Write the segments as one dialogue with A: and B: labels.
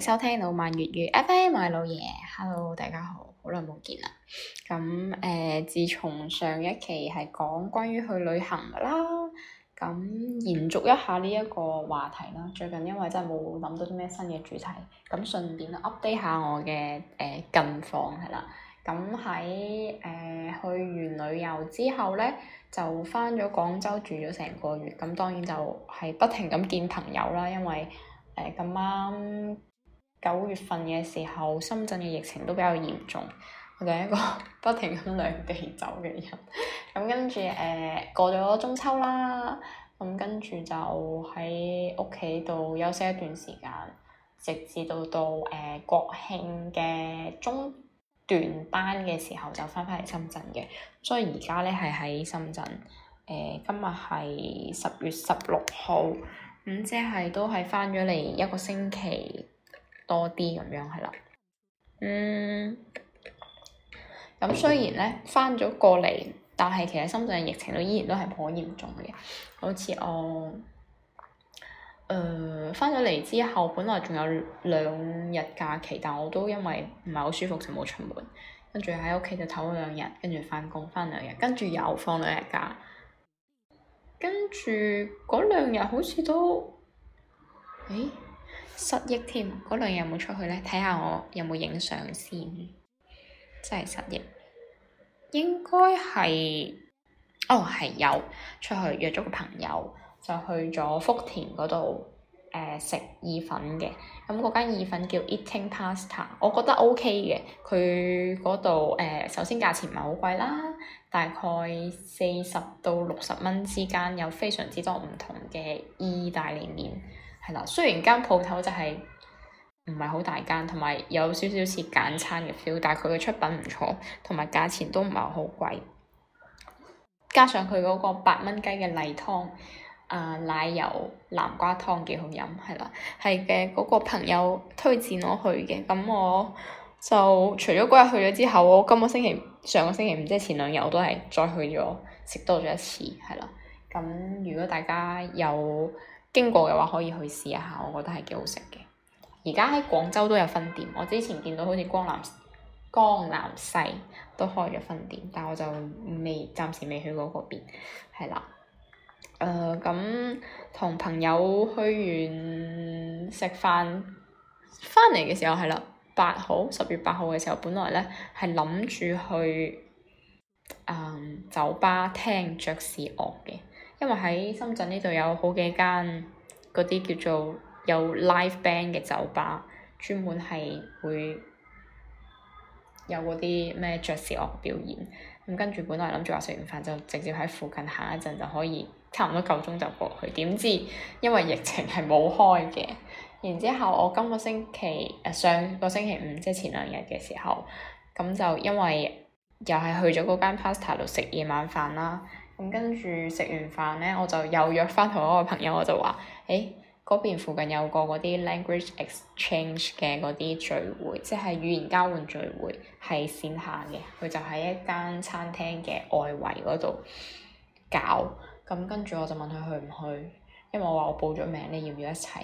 A: 收聽老萬粵語，FM，我係老爺，hello 大家好，好耐冇見啦。咁誒、呃，自從上一期係講關於去旅行啦，咁延續一下呢一個話題啦。最近因為真係冇諗到啲咩新嘅主題，咁順便 update 下我嘅誒、呃、近況係啦。咁喺誒去完旅遊之後咧，就翻咗廣州住咗成個月。咁當然就係不停咁見朋友啦，因為誒咁啱。呃九月份嘅時候，深圳嘅疫情都比較嚴重。 我係一個不停咁兩地走嘅人，咁跟住誒過咗中秋啦，咁跟住就喺屋企度休息一段時間，直至到到誒、呃、國慶嘅中段班嘅時候，就翻返嚟深圳嘅。所以而家咧係喺深圳。誒、呃，今日係十月十六號，咁即係都係翻咗嚟一個星期。多啲咁樣係啦，嗯，咁雖然咧翻咗過嚟，但係其實深圳嘅疫情都依然都係頗嚴重嘅，好似我，誒翻咗嚟之後，本來仲有兩日假期，但我都因為唔係好舒服就冇出門，跟住喺屋企就唞咗兩日，跟住翻工翻兩日，跟住又放兩日假，跟住嗰兩日好似都，誒、欸。失憶添，嗰兩日有冇出去呢？睇下我有冇影相先，真係失憶。應該係，哦，係有出去約咗個朋友，就去咗福田嗰度食意粉嘅。咁嗰間意粉叫 Eating Pasta，我覺得 OK 嘅。佢嗰度誒首先價錢唔係好貴啦，大概四十到六十蚊之間，有非常之多唔同嘅意大利麵。係啦，雖然間鋪頭就係唔係好大間，同埋有少少似簡餐嘅 feel，但係佢嘅出品唔錯，同埋價錢都唔係好貴。加上佢嗰個八蚊雞嘅例湯，誒、呃、奶油南瓜湯幾好飲，係啦，係嘅嗰個朋友推薦我去嘅，咁我就除咗嗰日去咗之後，我今個星期上個星期五即係前兩日我都係再去咗食多咗一次，係啦。咁如果大家有，經過嘅話可以去試一下，我覺得係幾好食嘅。而家喺廣州都有分店，我之前見到好似江南江南西都開咗分店，但我就未暫時未去過嗰邊，係啦。誒、呃，咁同朋友去完食飯，翻嚟嘅時候係啦，八號十月八號嘅時候，本來咧係諗住去、嗯、酒吧聽爵士樂嘅。因為喺深圳呢度有好幾間嗰啲叫做有 live band 嘅酒吧，專門係會有嗰啲咩爵士樂表演。咁跟住本來諗住話食完飯就直接喺附近行一陣就可以，差唔多夠鐘就過去。點知因為疫情係冇開嘅。然之後我今個星期誒上個星期五，即係前兩日嘅時候，咁就因為又係去咗嗰間 pasta 度食夜晚飯啦。咁跟住食完飯咧，我就又約翻同一個朋友，我就話：誒、欸，嗰邊附近有個嗰啲 language exchange 嘅嗰啲聚會，即係語言交換聚會，係線下嘅，佢就喺一間餐廳嘅外圍嗰度搞。咁跟住我就問佢去唔去，因為我話我報咗名咧，你要唔要一齊？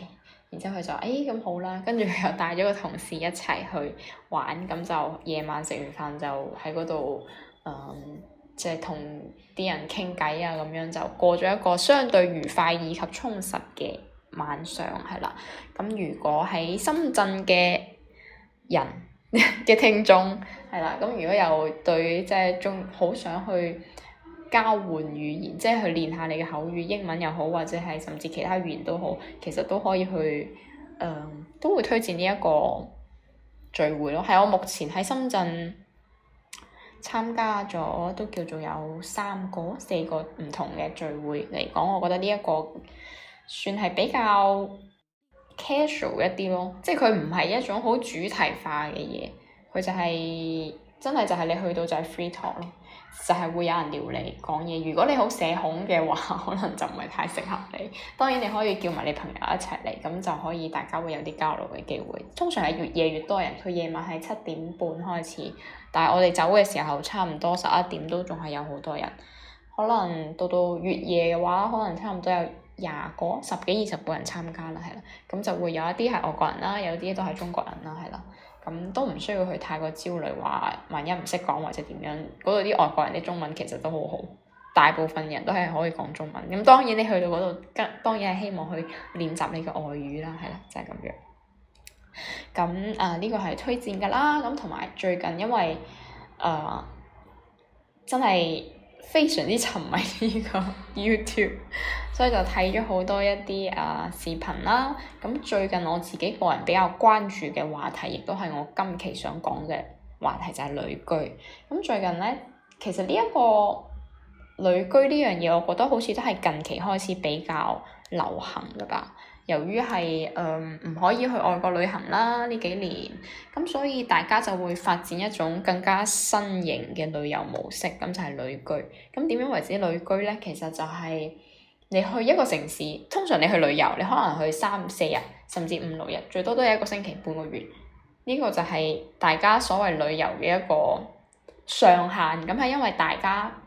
A: 然之後佢就誒咁、欸、好啦，跟住佢又帶咗個同事一齊去玩，咁就夜晚食完飯就喺嗰度，誒、嗯。即係同啲人傾偈啊，咁樣就過咗一個相對愉快以及充實嘅晚上，係啦。咁如果喺深圳嘅人嘅 聽眾，係啦，咁如果有對即係中好想去交換語言，即係去練下你嘅口語，英文又好，或者係甚至其他語言都好，其實都可以去，嗯、呃，都會推薦呢一個聚會咯。係我目前喺深圳，參加咗都叫做有三個、四個唔同嘅聚會嚟講，我覺得呢一個算係比較 casual 一啲咯，即係佢唔係一種好主題化嘅嘢，佢就係真係就係你去到就係 free talk 咯。就係會有人撩你講嘢，如果你好社恐嘅話，可能就唔係太適合你。當然你可以叫埋你朋友一齊嚟，咁就可以大家會有啲交流嘅機會。通常係越夜越多人，佢夜晚係七點半開始，但係我哋走嘅時候差唔多十一點都仲係有好多人。可能到到越夜嘅話，可能差唔多有廿個十幾二十個人參加啦，係啦，咁就會有一啲係外國人啦，有啲都係中國人啦，係啦。咁、嗯、都唔需要去太過焦慮，話萬一唔識講或者點樣，嗰度啲外國人啲中文其實都好好，大部分人都係可以講中文。咁、嗯、當然你去到嗰度，當然係希望去練習你嘅外語啦，係啦，就係咁樣。咁啊，呢個係推薦㗎啦。咁同埋最近因為啊、呃，真係～非常之沉迷呢個 YouTube，所以就睇咗好多一啲啊視頻啦。咁、嗯、最近我自己個人比較關注嘅話題，亦都係我今期想講嘅話題就係、是、旅居。咁、嗯、最近咧，其實呢、這、一個旅居呢樣嘢，我覺得好似都係近期開始比較流行噶吧。由於係誒唔可以去外國旅行啦，呢幾年咁，所以大家就會發展一種更加新型嘅旅遊模式，咁就係旅居。咁點樣為之旅居咧？其實就係你去一個城市，通常你去旅遊，你可能去三四日，甚至五六日，最多都係一個星期半個月。呢個就係大家所謂旅遊嘅一個上限。咁係因為大家。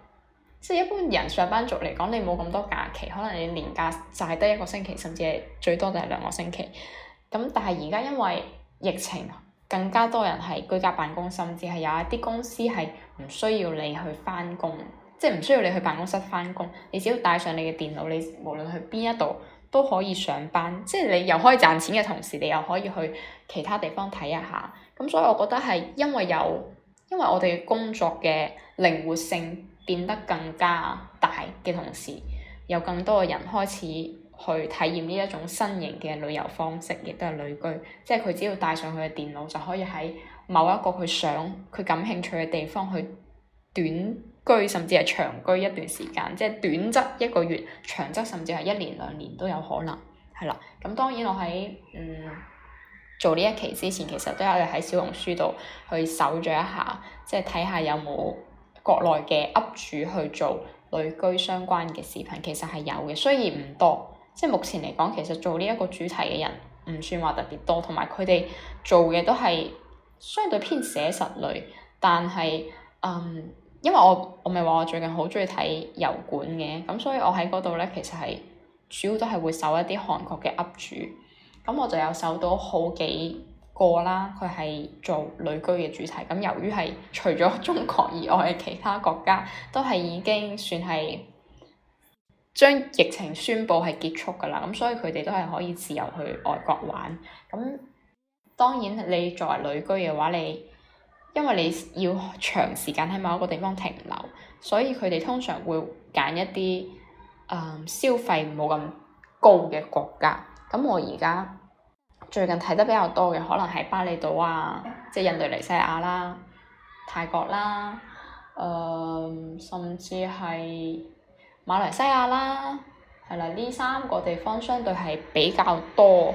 A: 即係一般人上班族嚟講，你冇咁多假期，可能你年假就係得一個星期，甚至係最多就係兩個星期。咁但係而家因為疫情更加多人係居家辦公，甚至係有一啲公司係唔需要你去返工，即係唔需要你去辦公室返工。你只要帶上你嘅電腦，你無論去邊一度都可以上班。即係你又可以賺錢嘅同時，你又可以去其他地方睇一下。咁所以我覺得係因為有因為我哋嘅工作嘅靈活性變得更加大嘅同時，有更多嘅人開始去體驗呢一種新型嘅旅遊方式，亦都係旅居。即係佢只要帶上佢嘅電腦，就可以喺某一個佢想佢感興趣嘅地方去短居，甚至係長居一段時間。即係短則一個月，長則甚至係一年兩年都有可能。係啦，咁當然我喺嗯做呢一期之前，其實都有喺小紅書度去搜咗一下，即係睇下有冇。國內嘅 Up 主去做旅居相關嘅視頻，其實係有嘅，雖然唔多，即係目前嚟講，其實做呢一個主題嘅人唔算話特別多，同埋佢哋做嘅都係相對偏寫實類，但係嗯，因為我我咪話我最近好中意睇油管嘅，咁所以我喺嗰度咧，其實係主要都係會搜一啲韓國嘅 Up 主，咁我就有搜到好幾過啦，佢係做旅居嘅主題。咁由於係除咗中國以外嘅其他國家，都係已經算係將疫情宣布係結束噶啦。咁所以佢哋都係可以自由去外國玩。咁當然你作為旅居嘅話，你因為你要長時間喺某一個地方停留，所以佢哋通常會揀一啲誒、嗯、消費冇咁高嘅國家。咁我而家。最近睇得比較多嘅，可能係巴厘島啊，即係印度尼西亞啦、啊、泰國啦、啊，誒、呃，甚至係馬來西亞啦、啊，係啦，呢三個地方相對係比較多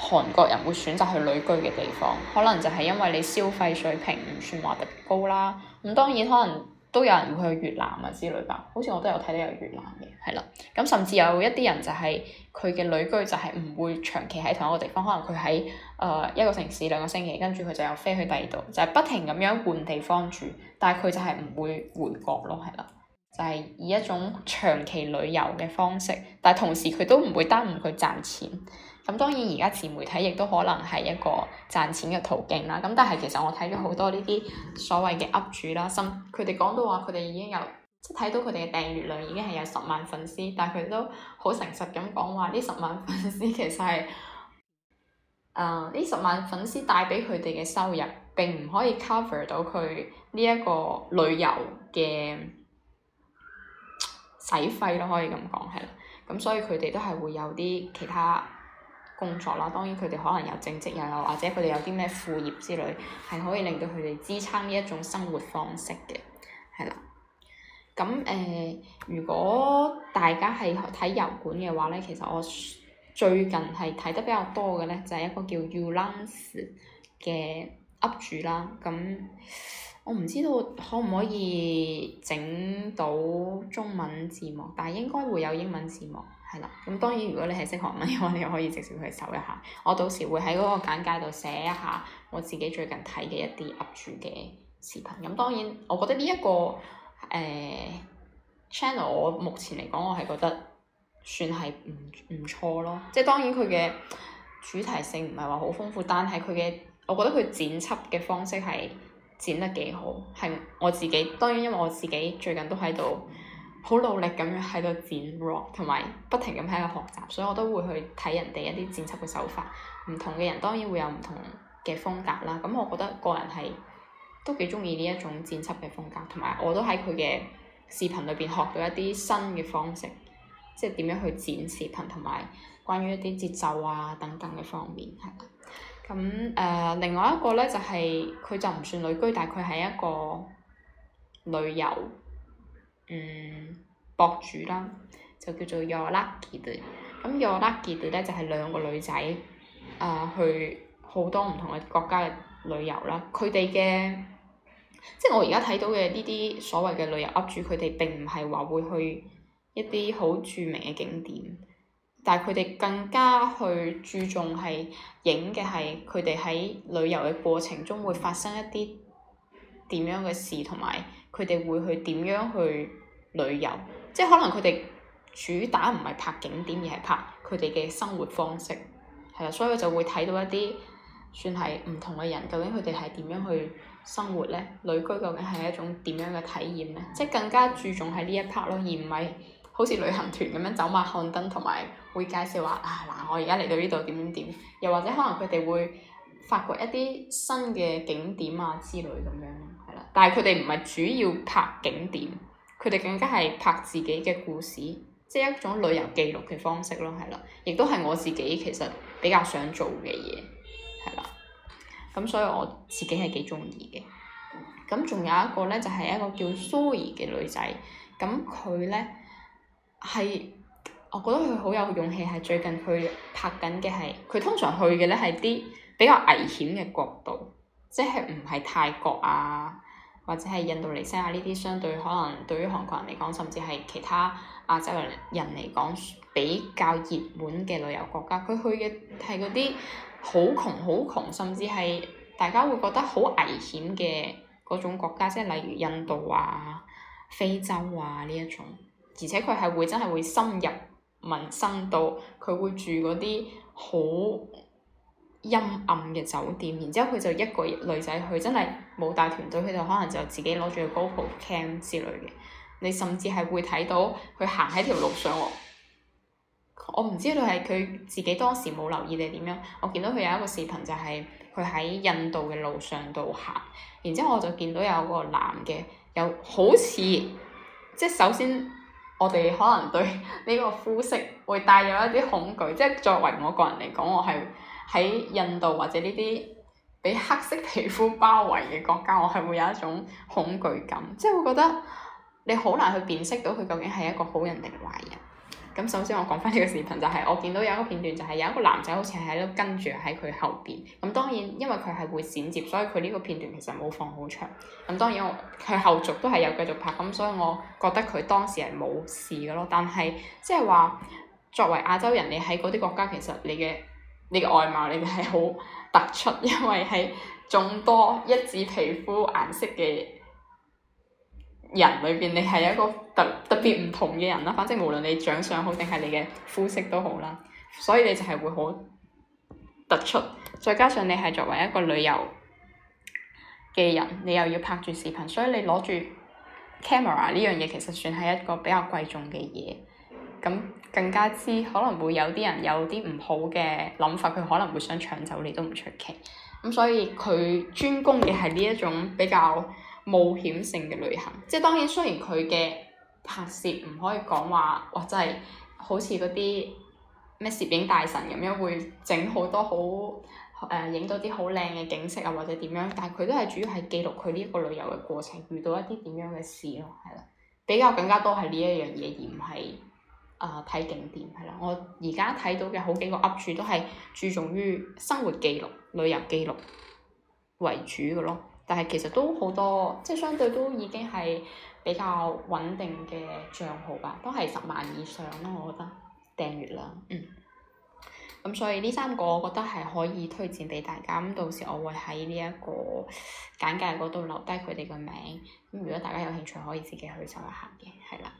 A: 韓國人會選擇去旅居嘅地方，可能就係因為你消費水平唔算話特別高啦、啊。咁當然可能。都有人會去越南啊之類吧，好似我都有睇到有越南嘅，係啦。咁甚至有一啲人就係佢嘅旅居就係唔會長期喺同一個地方，可能佢喺誒一個城市兩個星期，跟住佢就有飛去第二度，就係不停咁樣換地方住，但係佢就係唔會回國咯，係啦。就係以一種長期旅遊嘅方式，但係同時佢都唔會耽誤佢賺錢。咁當然而家自媒體亦都可能係一個賺錢嘅途徑啦。咁但係其實我睇咗好多呢啲所謂嘅 Up 主啦，甚至佢哋講到話佢哋已經有即係睇到佢哋嘅訂閱量已經係有十萬粉絲，但係佢都好誠實咁講話呢十萬粉絲其實係誒呢十萬粉絲帶俾佢哋嘅收入並唔可以 cover 到佢呢一個旅遊嘅使費咯，可以咁講係啦。咁所以佢哋都係會有啲其他。工作啦，當然佢哋可能有正職，又有或者佢哋有啲咩副業之類，係可以令到佢哋支撐呢一種生活方式嘅，係啦。咁誒、呃，如果大家係睇油管嘅話咧，其實我最近係睇得比較多嘅咧，就係、是、一個叫유랑쓰嘅 up 主啦。咁我唔知道可唔可以整到中文字幕，但係應該會有英文字幕。係啦，咁、嗯、當然如果你係識韓文嘅話，你可以直接去搜一下。我到時會喺嗰個簡介度寫一下我自己最近睇嘅一啲 up 主嘅視頻。咁、嗯、當然，我覺得呢、這、一個誒 channel、呃、我目前嚟講，我係覺得算係唔唔錯咯。即係當然佢嘅主題性唔係話好豐富，但係佢嘅我覺得佢剪輯嘅方式係剪得幾好，係我自己當然因為我自己最近都喺度。好努力咁樣喺度剪 rock 同埋不停咁喺度學習，所以我都會去睇人哋一啲剪輯嘅手法。唔同嘅人當然會有唔同嘅風格啦。咁我覺得個人係都幾中意呢一種剪輯嘅風格，同埋我都喺佢嘅視頻裏邊學到一啲新嘅方式，即係點樣去剪視頻，同埋關於一啲節奏啊等等嘅方面係。咁誒、呃，另外一個呢，就係、是、佢就唔算旅居，但係佢係一個旅遊。嗯，博主啦，就叫做여락이들、嗯、咁여락이들咧就係、是、兩個女仔，啊、呃，去好多唔同嘅國家嘅旅遊啦。佢哋嘅，即係我而家睇到嘅呢啲所謂嘅旅遊 up 主，佢哋並唔係話會去一啲好著名嘅景點，但係佢哋更加去注重係影嘅係佢哋喺旅遊嘅過程中會發生一啲點樣嘅事同埋。佢哋會去點樣去旅遊？即係可能佢哋主打唔係拍景點，而係拍佢哋嘅生活方式。係啊，所以我就會睇到一啲算係唔同嘅人，究竟佢哋係點樣去生活咧？旅居究竟係一種點樣嘅體驗咧？即係更加注重喺呢一 part 咯，而唔係好似旅行團咁樣走馬看燈，同埋會介紹話啊嗱、啊，我而家嚟到呢度點點點。又或者可能佢哋會發掘一啲新嘅景點啊之類咁樣。但係佢哋唔係主要拍景點，佢哋更加係拍自己嘅故事，即係一種旅遊記錄嘅方式咯，係啦。亦都係我自己其實比較想做嘅嘢，係啦。咁所以我自己係幾中意嘅。咁仲有一個咧，就係、是、一個叫 Soy 嘅女仔。咁佢咧係我覺得佢好有勇氣，係最近佢拍緊嘅係佢通常去嘅咧係啲比較危險嘅國度，即係唔係泰國啊？或者係印度尼西亞呢啲相對，可能對於韓國人嚟講，甚至係其他亞洲人嚟講，比較熱門嘅旅遊國家，佢去嘅係嗰啲好窮好窮，甚至係大家會覺得好危險嘅嗰種國家，即係例如印度啊、非洲啊呢一種，而且佢係會真係會深入民生度，佢會住嗰啲好陰暗嘅酒店，然之後佢就一個女仔去，真係冇帶團隊，佢就可能就自己攞住個 GoPro cam 之類嘅。你甚至係會睇到佢行喺條路上喎。我唔知道係佢自己當時冇留意你點樣。我見到佢有一個視頻，就係佢喺印度嘅路上度行。然之後我就見到有個男嘅，有好似即係首先我哋可能對呢個膚色會帶有一啲恐懼，即係作為我個人嚟講，我係。喺印度或者呢啲被黑色皮膚包圍嘅國家，我係會有一種恐懼感，即係會覺得你好難去辨識到佢究竟係一個好人定壞人。咁首先我講翻呢個視頻，就是，就係我見到有一個片段，就係有一個男仔好似係喺度跟住喺佢後邊。咁當然因為佢係會剪接，所以佢呢個片段其實冇放好長。咁當然佢後續都係有繼續拍，咁所以我覺得佢當時係冇事嘅咯。但係即係話，作為亞洲人，你喺嗰啲國家其實你嘅。你嘅外貌你哋係好突出，因為喺眾多一致皮膚顏色嘅人裏邊，你係一個特特別唔同嘅人啦。反正無論你長相好定係你嘅膚色都好啦，所以你就係會好突出。再加上你係作為一個旅遊嘅人，你又要拍住視頻，所以你攞住 camera 呢樣嘢其實算係一個比較貴重嘅嘢。咁更加知可能會有啲人有啲唔好嘅諗法，佢可能會想搶走你都唔出奇。咁所以佢專攻嘅係呢一種比較冒險性嘅旅行，即係當然雖然佢嘅拍攝唔可以講話或者係好似嗰啲咩攝影大神咁樣會整好多好誒影到啲好靚嘅景色啊，或者點樣，但係佢都係主要係記錄佢呢一個旅遊嘅過程，遇到一啲點樣嘅事咯，係啦，比較更加多係呢一樣嘢，而唔係。啊！睇、呃、景點係啦，我而家睇到嘅好幾個 Up 主都係注重於生活記錄、旅遊記錄為主嘅咯。但係其實都好多，即係相對都已經係比較穩定嘅賬號吧，都係十萬以上咯。我覺得訂閱量，嗯。咁所以呢三個我覺得係可以推薦俾大家，咁到時我會喺呢一個簡介嗰度留低佢哋嘅名，咁如果大家有興趣可以自己去搜一下嘅，係啦。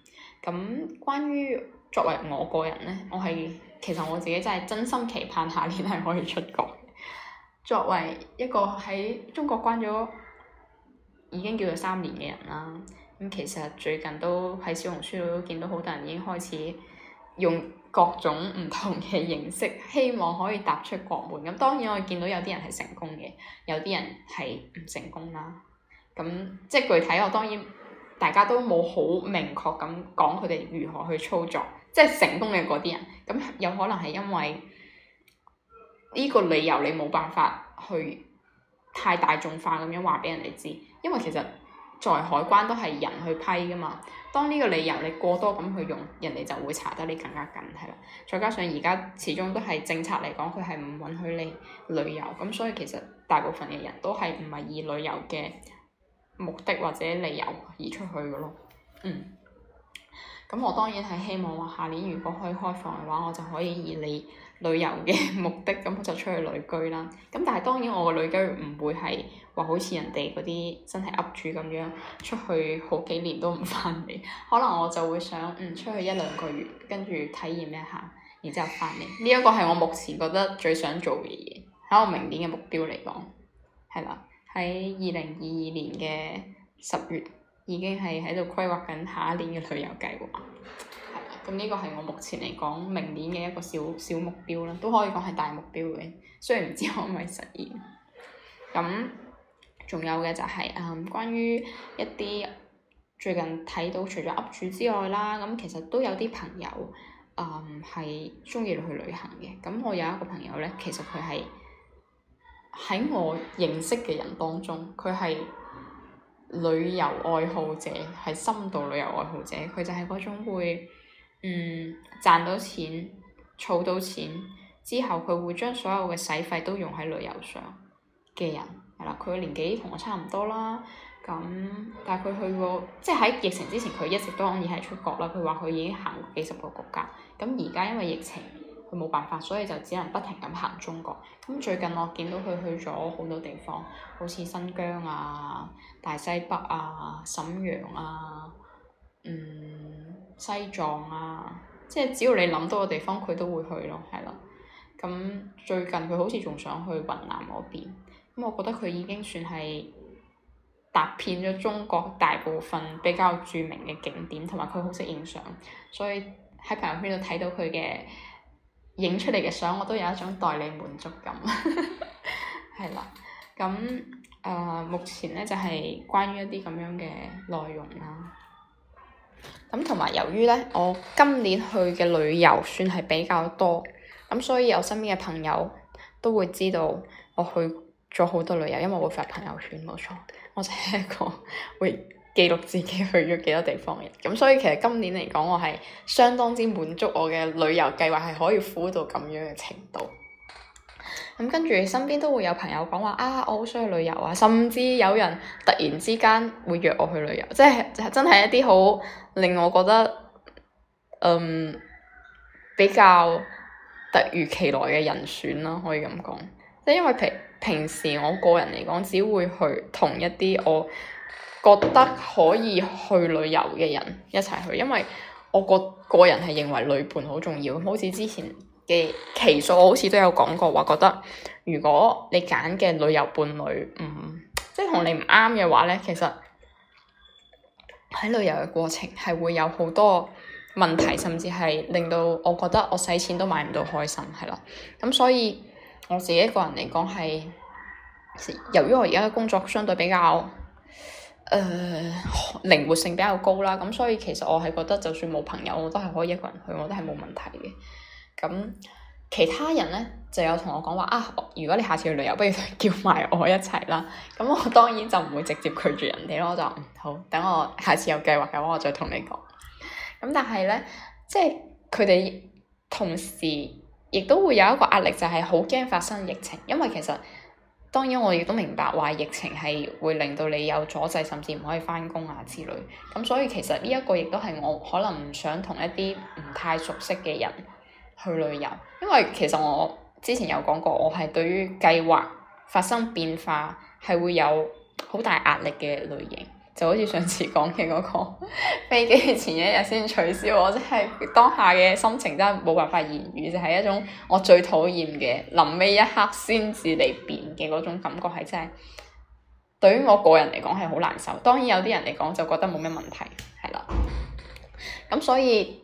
A: 咁關於作為我個人咧，我係其實我自己真係真心期盼下年係可以出國。作為一個喺中國關咗已經叫做三年嘅人啦，咁其實最近都喺小紅書度見到好多人已經開始用。各種唔同嘅形式，希望可以踏出國門。咁當然我見到有啲人係成功嘅，有啲人係唔成功啦。咁即係具體我當然大家都冇好明確咁講佢哋如何去操作，即係成功嘅嗰啲人，咁有可能係因為呢個理由你冇辦法去太大眾化咁樣話俾人哋知，因為其實在海關都係人去批㗎嘛。當呢個理由你過多咁去用，人哋就會查得你更加緊係啦。再加上而家始終都係政策嚟講，佢係唔允許你旅遊，咁所以其實大部分嘅人都係唔係以旅遊嘅目的或者理由而出去嘅咯。嗯，咁我當然係希望話下年如果可以開放嘅話，我就可以以你。旅遊嘅目的，咁我就出去旅居啦。咁但係當然我嘅旅居唔會係話好似人哋嗰啲真係 up 主咁樣出去好幾年都唔翻嚟，可能我就會想，嗯，出去一兩個月，跟住體驗一下，然之後翻嚟。呢一個係我目前覺得最想做嘅嘢，喺我明年嘅目標嚟講，係啦。喺二零二二年嘅十月已經係喺度規劃緊下一年嘅旅遊計劃。咁呢個係我目前嚟講明年嘅一個小小目標啦，都可以講係大目標嘅，雖然唔知可唔可以實現。咁、嗯、仲有嘅就係、是、誒、嗯，關於一啲最近睇到，除咗 Up 主之外啦，咁、嗯、其實都有啲朋友誒，係中意去旅行嘅。咁、嗯、我有一個朋友咧，其實佢係喺我認識嘅人當中，佢係旅遊愛好者，係深度旅遊愛好者，佢就係嗰種會。嗯，賺到錢，儲到錢之後，佢會將所有嘅使費都用喺旅遊上嘅人，係啦，佢嘅年紀同我差唔多啦。咁，但係佢去過，即係喺疫情之前，佢一直都可以係出國啦。佢話佢已經行過幾十個國家。咁而家因為疫情，佢冇辦法，所以就只能不停咁行中國。咁最近我見到佢去咗好多地方，好似新疆啊、大西北啊、瀋陽啊，嗯。西藏啊，即係只要你諗到嘅地方，佢都會去咯，係咯。咁、嗯、最近佢好似仲想去雲南嗰邊，咁、嗯、我覺得佢已經算係踏遍咗中國大部分比較著名嘅景點，同埋佢好識影相，所以喺朋友圈度睇到佢嘅影出嚟嘅相，我都有一種代理滿足感，係 啦。咁、嗯、誒、呃，目前咧就係、是、關於一啲咁樣嘅內容啦、啊。咁同埋由於呢，我今年去嘅旅遊算係比較多，咁所以我身邊嘅朋友都會知道我去咗好多旅遊，因為我會發朋友圈。冇錯，我係一個會記錄自己去咗幾多地方嘅。咁所以其實今年嚟講，我係相當之滿足我嘅旅遊計劃，係可以敷到咁樣嘅程度。咁跟住身邊都會有朋友講話啊，我好需要旅遊啊！甚至有人突然之間會約我去旅遊，即係真係一啲好令我覺得，嗯，比較突如其來嘅人選啦，啊，可以咁講。即係因為平平時我個人嚟講，只會去同一啲我覺得可以去旅遊嘅人一齊去，因為我個個人係認為旅伴好重要，好似之前。嘅其實，我好似都有講過話，我覺得如果你揀嘅旅遊伴侶，嗯，即係同你唔啱嘅話咧，其實喺旅遊嘅過程係會有好多問題，甚至係令到我覺得我使錢都買唔到開心，係啦。咁所以我自己一個人嚟講係，由於我而家嘅工作相對比較，誒、呃，靈活性比較高啦。咁所以其實我係覺得，就算冇朋友，我都係可以一個人去，我都係冇問題嘅。咁其他人呢，就有同我講話啊，如果你下次去旅遊，不如叫埋我一齊啦。咁我當然就唔會直接拒絕人哋咯，我就嗯，好，等我下次有計劃嘅話，我再同你講。咁但係呢，即係佢哋同時亦都會有一個壓力，就係好驚發生疫情。因為其實當然我亦都明白話疫情係會令到你有阻滯，甚至唔可以翻工啊之類。咁所以其實呢一個亦都係我可能唔想同一啲唔太熟悉嘅人。去旅遊，因為其實我之前有講過，我係對於計劃發生變化係會有好大壓力嘅類型，就好似上次講嘅嗰個飛 機前一日先取消我，我真係當下嘅心情真係冇辦法言語，就係一種我最討厭嘅臨尾一刻先至嚟變嘅嗰種感覺，係真係對於我個人嚟講係好難受。當然有啲人嚟講就覺得冇咩問題，係啦。咁所以。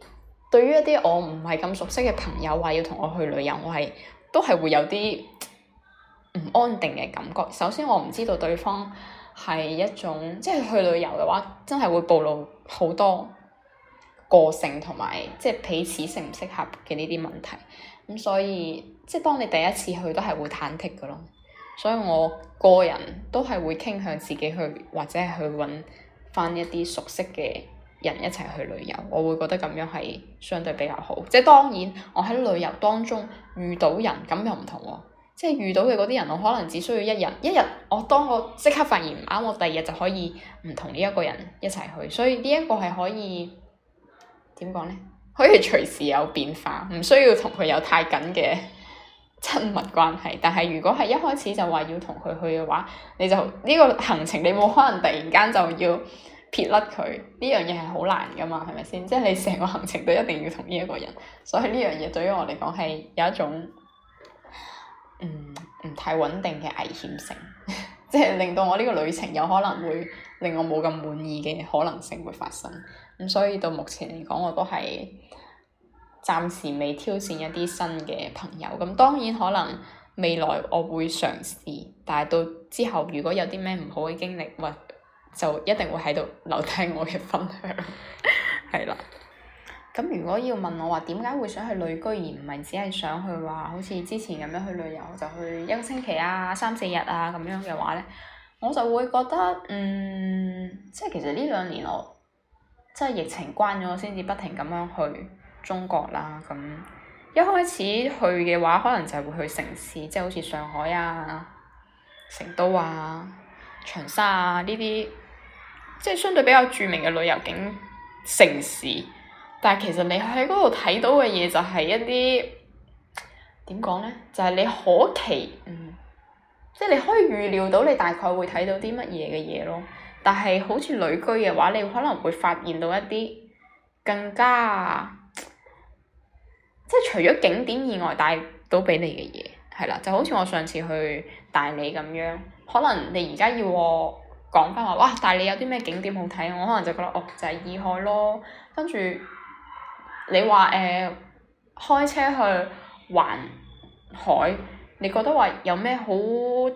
A: 對於一啲我唔係咁熟悉嘅朋友話要同我去旅遊，我係都係會有啲唔安定嘅感覺。首先我唔知道對方係一種即係去旅遊嘅話，真係會暴露好多個性同埋即係彼此適唔適合嘅呢啲問題。咁所以即係當你第一次去都係會忐忑嘅咯。所以我個人都係會傾向自己去或者係去揾翻一啲熟悉嘅人一齊去旅遊，我會覺得咁樣係相對比較好。即係當然，我喺旅遊當中遇到人，咁又唔同喎、啊。即係遇到嘅嗰啲人，我可能只需要一日，一日我當我即刻發現唔啱，我第二日就可以唔同呢一個人一齊去。所以呢一個係可以點講呢？可以隨時有變化，唔需要同佢有太緊嘅親密關係。但係如果係一開始就話要同佢去嘅話，你就呢、呢個行程你冇可能突然間就要撇甩佢，呢樣嘢係好難㗎嘛，係咪先？即係你成個行程都一定要同呢一個人，所以呢樣嘢對於我嚟講，係有一種嗯，唔太穩定嘅危險性， 即係令到我呢個旅程有可能會令我冇咁滿意嘅可能性會發生。咁所以到目前嚟講，我都係暫時未挑選一啲新嘅朋友。咁當然可能未來我會嘗試，但係到之後如果有啲咩唔好嘅經歷，喂。就一定會喺度留低我嘅分享，係啦。咁如果要問我話點解會想去旅居而唔係只係想去話、啊、好似之前咁樣去旅遊就去一個星期啊、三四日啊咁樣嘅話咧，我就會覺得嗯，即係其實呢兩年我即係疫情關咗先至不停咁樣去中國啦。咁一開始去嘅話，可能就係會去城市，即係好似上海啊、成都啊。長沙啊，呢啲即係相對比較著名嘅旅遊景城市，但係其實你喺嗰度睇到嘅嘢就係一啲點講咧？呢就係你可期、嗯，即係你可以預料到你大概會睇到啲乜嘢嘅嘢咯。但係好似旅居嘅話，你可能會發現到一啲更加即係除咗景點以外帶到畀你嘅嘢。係啦，就好似我上次去大理咁樣，可能你而家要我講翻話，哇！大理有啲咩景點好睇？我可能就覺得哦，就係、是、洱海咯。跟住你話誒、呃，開車去環海，你覺得話有咩好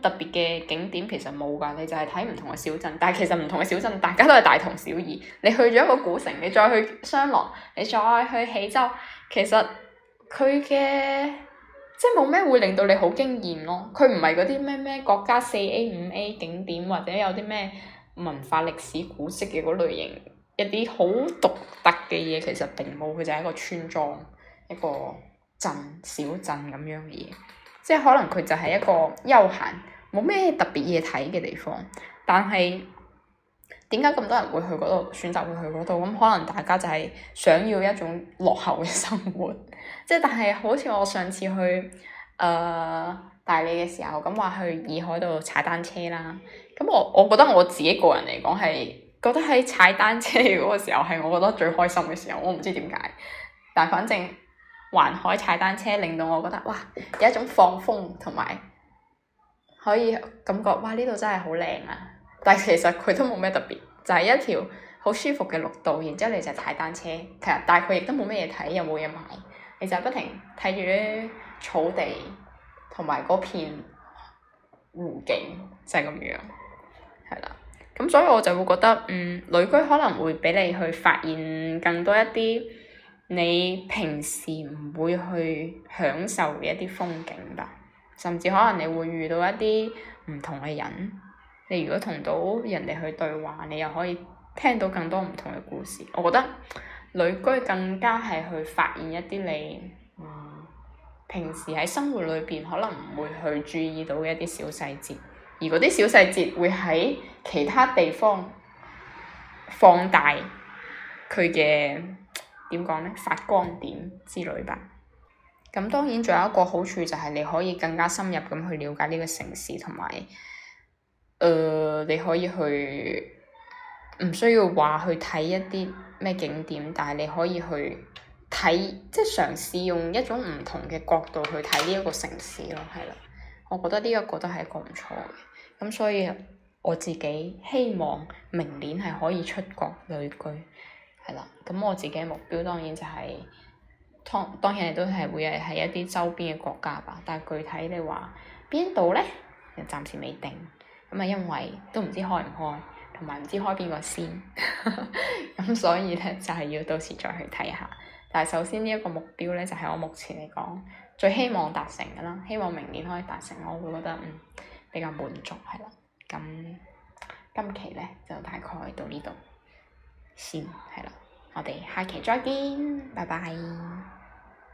A: 特別嘅景點？其實冇㗎，你就係睇唔同嘅小鎮。但係其實唔同嘅小鎮，大家都係大同小異。你去咗一個古城，你再去雙廊，你再去喜洲，其實佢嘅。即係冇咩會令到你好驚豔咯，佢唔係嗰啲咩咩國家四 A 五 A 景點或者有啲咩文化歷史古蹟嘅嗰類型，一啲好獨特嘅嘢其實並冇，佢就係一個村莊，一個鎮、小鎮咁樣嘅嘢，即係可能佢就係一個休閒，冇咩特別嘢睇嘅地方，但係點解咁多人會去嗰度選擇會去去嗰度？咁、嗯、可能大家就係想要一種落後嘅生活。即係，但係好似我上次去誒大理嘅時候，咁話去洱海度踩單車啦。咁我我覺得我自己個人嚟講係覺得喺踩單車嗰個時候係我覺得最開心嘅時候，我唔知點解。但反正環海踩單車令到我覺得哇，有一種放風同埋可以感覺哇，呢度真係好靚啊！但其實佢都冇咩特別，就係、是、一條好舒服嘅綠道，然之後你就踩單車。其實但係佢亦都冇咩嘢睇，又冇嘢買。你就不停睇住啲草地同埋嗰片湖景，就係咁樣。係啦，咁所以我就會覺得，嗯，旅居可能會俾你去發現更多一啲你平時唔會去享受嘅一啲風景吧。甚至可能你會遇到一啲唔同嘅人，你如果同到人哋去對話，你又可以聽到更多唔同嘅故事。我覺得。旅居更加係去發現一啲你，嗯、平時喺生活裏邊可能唔會去注意到嘅一啲小細節，而嗰啲小細節會喺其他地方放大佢嘅點講呢？發光點之類吧。咁當然仲有一個好處就係你可以更加深入咁去了解呢個城市同埋，誒、呃、你可以去。唔需要話去睇一啲咩景點，但係你可以去睇，即係嘗試用一種唔同嘅角度去睇呢一個城市咯，係啦。我覺得呢一個都係一個唔錯嘅，咁所以我自己希望明年係可以出國旅居，係啦。咁我自己目標當然就係、是，當當然都係會係喺一啲周邊嘅國家吧。但係具體你話邊度咧，暫時未定。咁啊，因為都唔知開唔開。同埋唔知開邊個先，咁 所以咧就係要到時再去睇下。但係首先呢一個目標咧，就係我目前嚟講最希望達成嘅啦。希望明年可以達成，我會覺得嗯比較滿足係啦。咁今期咧就大概到呢度先係啦。我哋下期再見，拜拜。